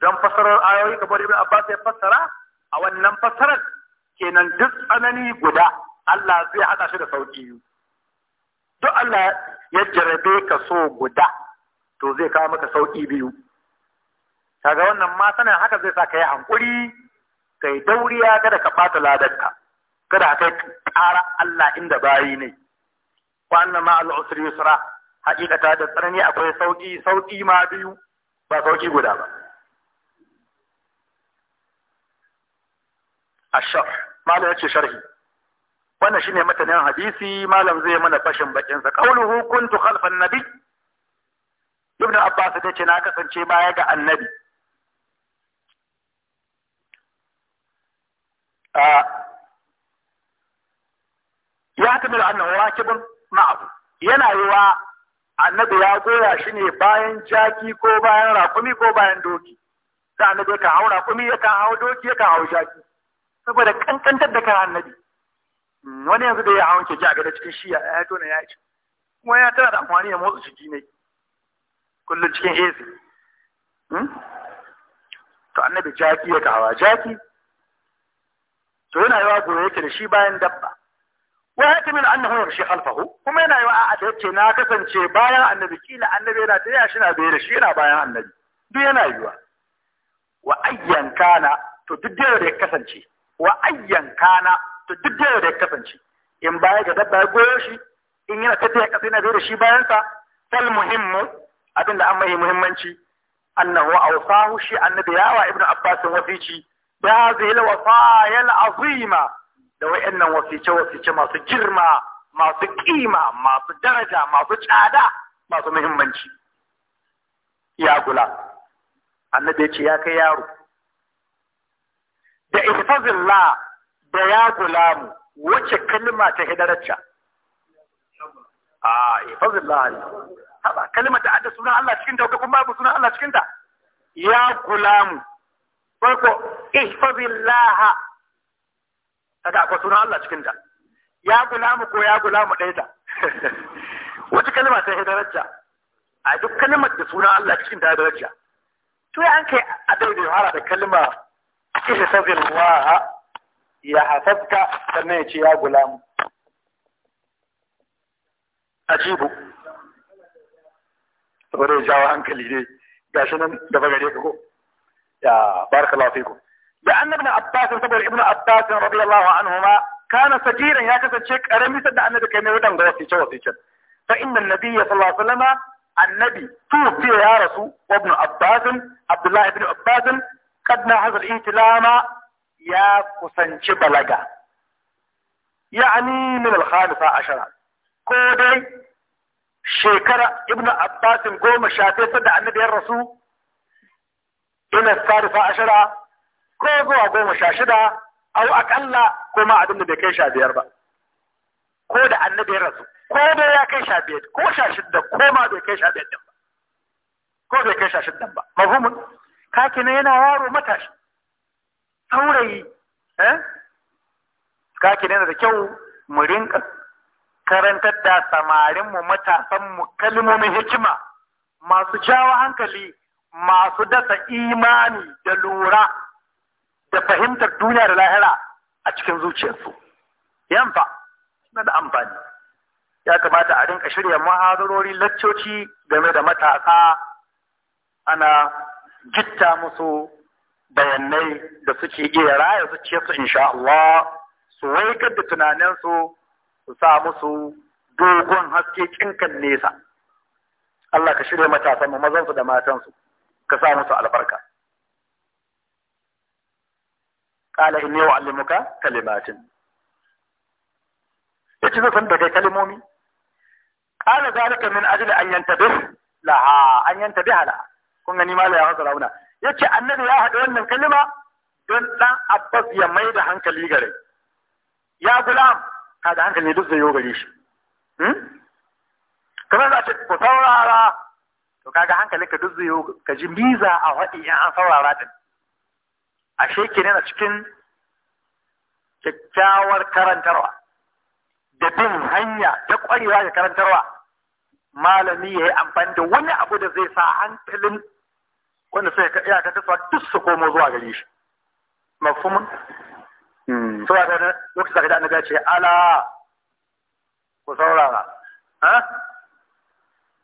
don fasarar ayoyi kamar ibn Abbas ya fassara a wannan fasarar kenan duk tsanani guda Allah zai haɗa shi da sauƙi biyu duk Allah ya jarabe ka so guda to zai kawo maka sauƙi biyu kaga wannan ma sanin haka zai sa ka yi hankuri kai dauriya kada ka ɓata ladarka kada ka ƙara Allah inda bayi ne Kwanan ma al'usri yusra hakikata da tsanani akwai sauki sauki ma biyu ba sauki guda ba ashar malam yace sharhi wannan shine matanin hadisi malam zai mana fashin bakin sa qauluhu kuntu khalfan nabi ibn abbas da ce na kasance baya ga annabi ya tamil annahu rakibun ma'ahu yana yiwa annabi ya goya shi ne bayan jaki ko bayan rakumi ko bayan doki sai annabi yakan hau rakumi yakan hau doki yakan hau jaki saboda kankantar da kan annabi hmm, wani yanzu da ya hau keke a gada cikin shiya ya tona ya ci kuma ya tana da amfani ya motsa ciki ne kullum cikin AC hmm? to annabi jaki ya kawa jaki to yana yawa goye yake da shi bayan dabba wa ya tamin annahu yamshi khalfahu kuma yana yiwa a yace na kasance bayan annabi kila annabi yana tare shi na bayar shi yana bayan annabi duk yana yiwa wa ayyan kana to duk da ya kasance wa ayyan kana to duk da ya kasance in baya ga dabba ya goyo shi in yana tafiya kasa yana da shi bayan sa fal muhimmu abinda an mai muhimmanci annahu awsahu shi annabi yawa ibnu abbas wasici bi hadhihi al azima da wayannan wasice-wasice masu girma masu kima masu daraja masu tsada masu muhimmanci ya gula annabi ya ce ya kai yaro da ihfazillah da ya gula mu wacce kalma ta hidaracca Ah, ihfazillah haba kalma ta adda sunan Allah cikin ta kuma babu sunan Allah cikin ta ya gula ko, farko ihfazillah kaga akwai sunan Allah cikin ta ya gulamu ko ya gulamu ɗaya ta wata kalma ta yi daraja a duk kalmar da sunan Allah cikin ta daraja to ya an kai a daidai fara da kalma cikin sabbin waha ya hafafka sannan ya ce ya gulamu ajibu saboda ya jawo hankali ne gashi nan da bagare ka ko ya barka lafiya لأن ابن عباس صبر ابن عباس رضي الله عنهما كان سجيرا يا كذا شيك أرمي سد أن ذلك أنه يدن غوثي شوثي شن فإن النبي صلى الله عليه وسلم النبي توفي يا رسول وابن عباس عبد الله بن عباس قد هذا الإنتلام يا كسنش بلغا يعني من الخامسة عشرة كودي شكرا ابن عباس قوم شاتي سد أن ذلك الرسول إلى الثالثة عشرة ko zuwa goma sha shida au aƙalla ko ma abin da bai kai sha biyar ba ko da annabi ya rasu ko da ya kai sha biyar ko sha shida ko ma bai kai sha biyar din ba ko bai kai sha shida ba mafhumun kaki ne yana yaro matashi saurayi eh kaki ne da kyau mu rinka karantar da samarin mu matasan mu kalmomin hikima masu jawo hankali masu dasa imani da lura da fahimtar duniya da lahira a cikin zuciyarsu fa suna da amfani ya kamata a rinka shirya mahazarori laccoci game da matasa ana gitta musu bayanai da suke iya raya zuciyarsu insha Allah su waikar da tunaninsu su sa musu dogon haske kinkan nesa Allah ka shirya matasanmu mazansu da matansu ka sa musu albarka قال إني أعلمك كلمات يجب أن تكلموني قال ذلك من أجل أن ينتبه لها أن ينتبه لها كنا نمال يا غزر هنا يجب أن نبي أحد أن نكلم دون لا أبض يميد حنك ليغري يا غلام هذا حنك ليدز يوغريش كما ذا تك فتورا لا تكاك حنك لك دز يوغ كجميزة أو هئي أن فورا راتن ashe kenan a cikin kyakkyawar karantarwa da bin hanya ta ƙwarewa da karantarwa malami ya yi amfani da wani abu da zai sa hankalin wanda sai ka iyaka ta duk su komo zuwa gare shi mafhumin so hmm. da lokacin da ka da annabi ce ala ku saurara ha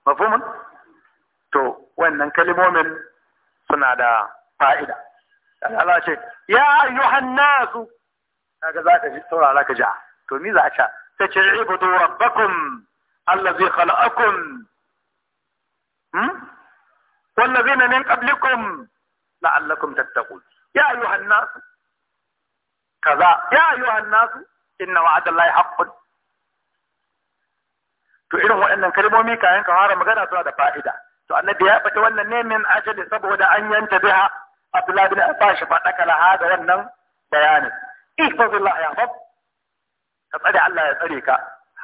mafhumin to wannan kalmomin suna da fa'ida Allah ce ya ayyuhan nasu kaga za ka saurara ka ja to ni za a ca ta ce ibudu rabbakum allazi khalaqakum hmm wallazina min qablikum la'allakum tattaqun ya ayyuhan nasu kaza ya ayyuhan nasu inna wa'adallahi haqqun to irin waɗannan kalmomi kayan ka fara magana suna da fa'ida to annabi ya fata wannan ne min ajali saboda an yanta biha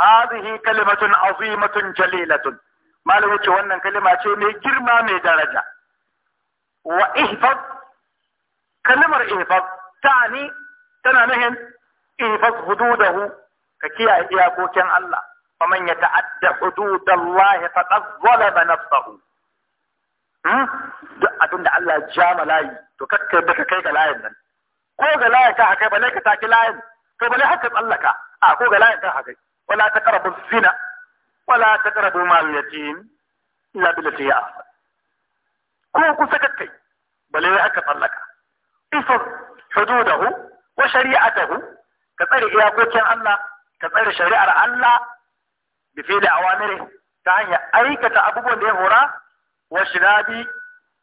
هذه كلمة عظيمة جليلة ما لو تشوانا كلمة شيء جرمى درجة واحفظ كلمة احفظ تعني تنا نهن احفظ حدوده فكيا إياكو كان الله ومن يتعدى حدود الله فقد ظلم نفسه Hmm? duk abin da Allah ya ja ma layi to kakka yadda ka kai ga layin nan ko ga layin ka akai balai ka taki layin to balai haka tsallaka a ko ga layin ka akai wala taqrabu zina wala taqrabu mal yatim illa billati ya ahsan ko kusa kakkai balai haka tsallaka ifa hududahu wa shari'atahu ka tsare iyakokin Allah ka tsare shari'ar Allah bi fi'li awamiri ta hanyar aikata abubuwan da ya hora wa shirabi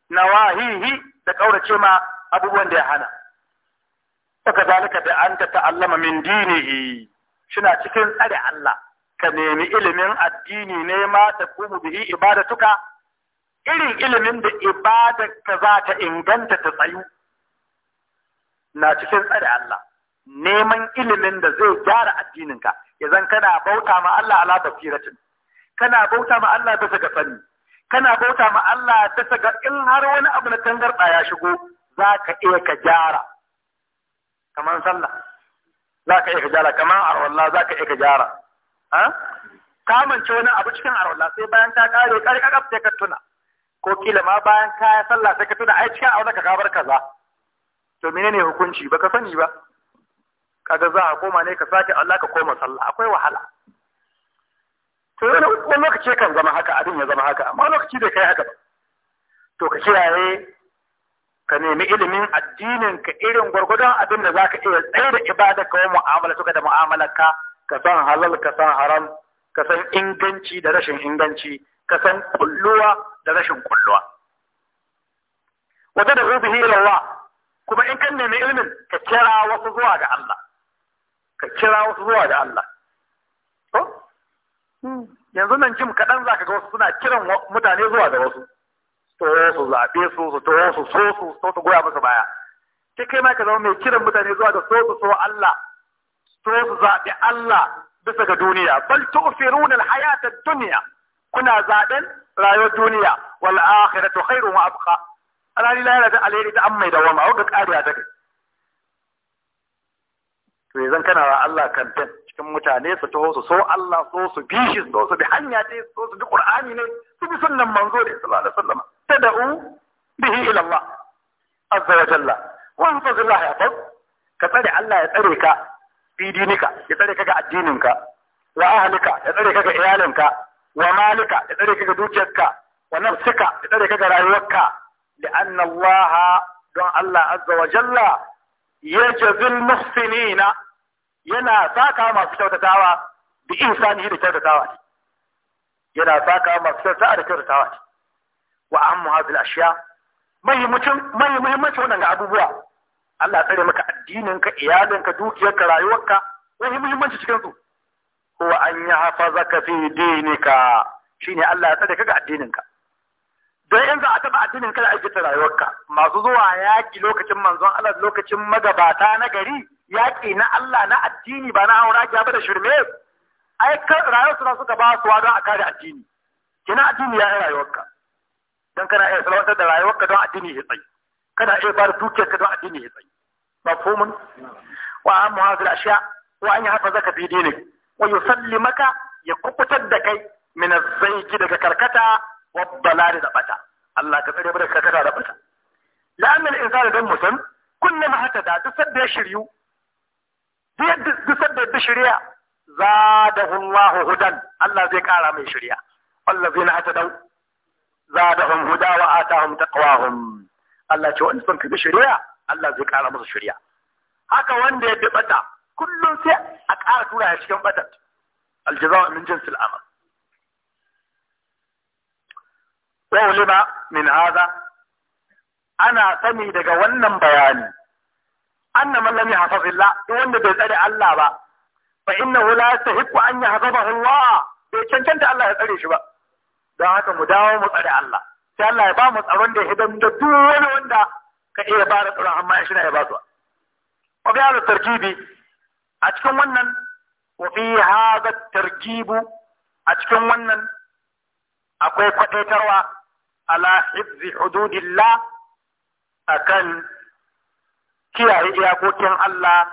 nawahihi da kaurace ma abubuwan da ya hana saka zalika da an ta ta'allama min dinihi na cikin tsare Allah ka nemi ilimin addini ne ma ta kuma bihi ibadatuka irin ilimin da ka za ta inganta ta tsayu na cikin tsare Allah neman ilimin da zai gyara addininka ya zan kana bauta ma Allah ala basiratin kana bauta ma Allah bisa ga sani kana bauta ma Allah ta saga in har wani abu na tangarɗa ya shigo za ka iya ka gyara kamar sallah za ka iya ka gyara kamar arwallah za ka iya ka gyara ka mance wani abu cikin arwallah sai bayan ka kare kare kakaf sai ka tuna ko kila ma bayan ka sallah sai ka tuna ai cikin aure ka kabar kaza to menene hukunci baka sani ba kaga za a koma ne ka sake Allah ka koma sallah akwai wahala to wani lokaci kan zama haka abin ya zama haka amma lokaci bai kai haka ba to ka kiyaye ka nemi ilimin addinin ka irin gwargwadon abin da ka iya tsaye da ibada ka mu'amala suka da mu'amala ka ka san halal ka san haram ka san inganci da rashin inganci ka san kulluwa da rashin kulluwa wata da rubihi ila kuma in kan nemi ilimin ka kira wasu zuwa ga Allah ka kira wasu zuwa ga Allah Hmm. yanzu nan jim kaɗan za ka ga wasu suna kiran mutane zuwa da wasu tsoro su zaɓe su su tsoro su so su so su goya musu baya ke kai ma ka zama mai kiran mutane zuwa da so su so Allah so su zaɓe Allah bisa ga duniya bal tu'firuna al ad-dunya kuna zaɓen rayuwar duniya wal akhiratu khairun wa abqa alali la yarda alayhi ta amma da wama ga kariya ta kai to yanzu kana wa Allah kan cikin mutane su taho su so Allah so su bi shi so su bi hanya ce so su bi Qur'ani ne su bi sunnan manzo da sallallahu alaihi wasallam tad'u bihi ila Allah azza wa jalla wa hafazillah ya faz ka tsare Allah ya tsare ka fi dinika ya tsare ka ga addininka wa ahlika ya tsare ka ga iyalinka wa malika ya tsare ka ga dukiyarka wa nafsika ya tsare ka ga rayuwarka لأن الله دون الله عز وجل يجزي المحسنين yana saka masu kyautatawa da ihsanihi da kyautatawa yana saka masu kyautatawa da kyautatawa ne wa an hadhihi al-ashya mai muhimmanci wannan abubuwa Allah tsare maka addininka iyalinka dukiyarka rayuwarka wani muhimmanci cikin su Ko an ka fi dinika shine Allah ya tsare ka ga addininka don yanzu a taɓa addinin kada aikata rayuwarka masu zuwa yaƙi lokacin manzon Allah lokacin magabata na gari yaƙi na Allah na addini ba na haura ba da shirme ai rayuwar suna suka ba su don a kare addini kina addini ya yi rayuwarka Don kana iya salwantar da rayuwarka don addini ya tsayi kana iya ba da dukiyarka don addini ya tsayi mafhumun wa an muhazir ashiya wa an yi hafa zaka fi dinik wa maka ya kukutar da kai min zaiki daga karkata wa balari da bata Allah ka tsare daga karkata da bata la'annal insanu dan mutum kullum hata da duk sadda ya shiryu duk sanda da shari'a zadahu Allah hudan Allah zai kara mai shari'a wallazina hatadaw zadahum huda wa atahum taqwahum Allah ce wanda sun bi shari'a Allah zai kara musu shari'a haka wanda ya bata kullum sai a ƙara tura ya cikin batat aljaza'u min jinsil amal wa ulima min hadha ana sani daga wannan bayani anna man lam yahfazillah duk wanda bai tsare Allah ba Ba fa innahu la yastahiqu an yahfazahu Allah bai cancanta Allah ya tsare shi ba don haka mu dawo mu tsare Allah sai Allah ya ba mu tsaron da hidan da duk wani wanda ka iya fara tsaron amma ya a ya ba su wa bi hadha tarkibi a cikin wannan wa fi hadha tarkibu a cikin wannan akwai kwadaitarwa ala hifzi hududillah akan kiyaye iyakokin Allah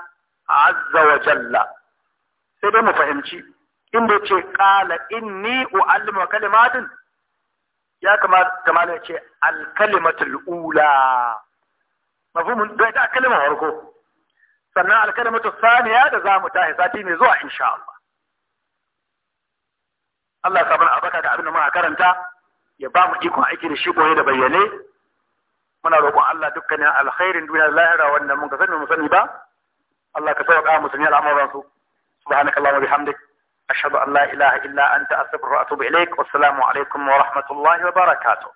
azza wa jalla sai dai mu fahimci inda ce qala inni uallimu kalimatin ya kamata malam ce al kalimatul ula mafhumun da ta kalmar farko sannan al kalimatul thaniya da zamu tahi sati mai zuwa insha Allah Allah ya sabana abaka da abin da muka karanta ya ba mu ikon aiki da shi goye da bayyane muna roƙon Allah dukkanin alkhairin duniya lahira wanda mun ka sani mu sani ba Allah ka sauka mu sani al'amuran su subhanakallahumma bihamdik ashhadu an la ilaha illa anta astaghfiruka wa atubu ilaik wassalamu alaikum wa rahmatullahi wa barakatuh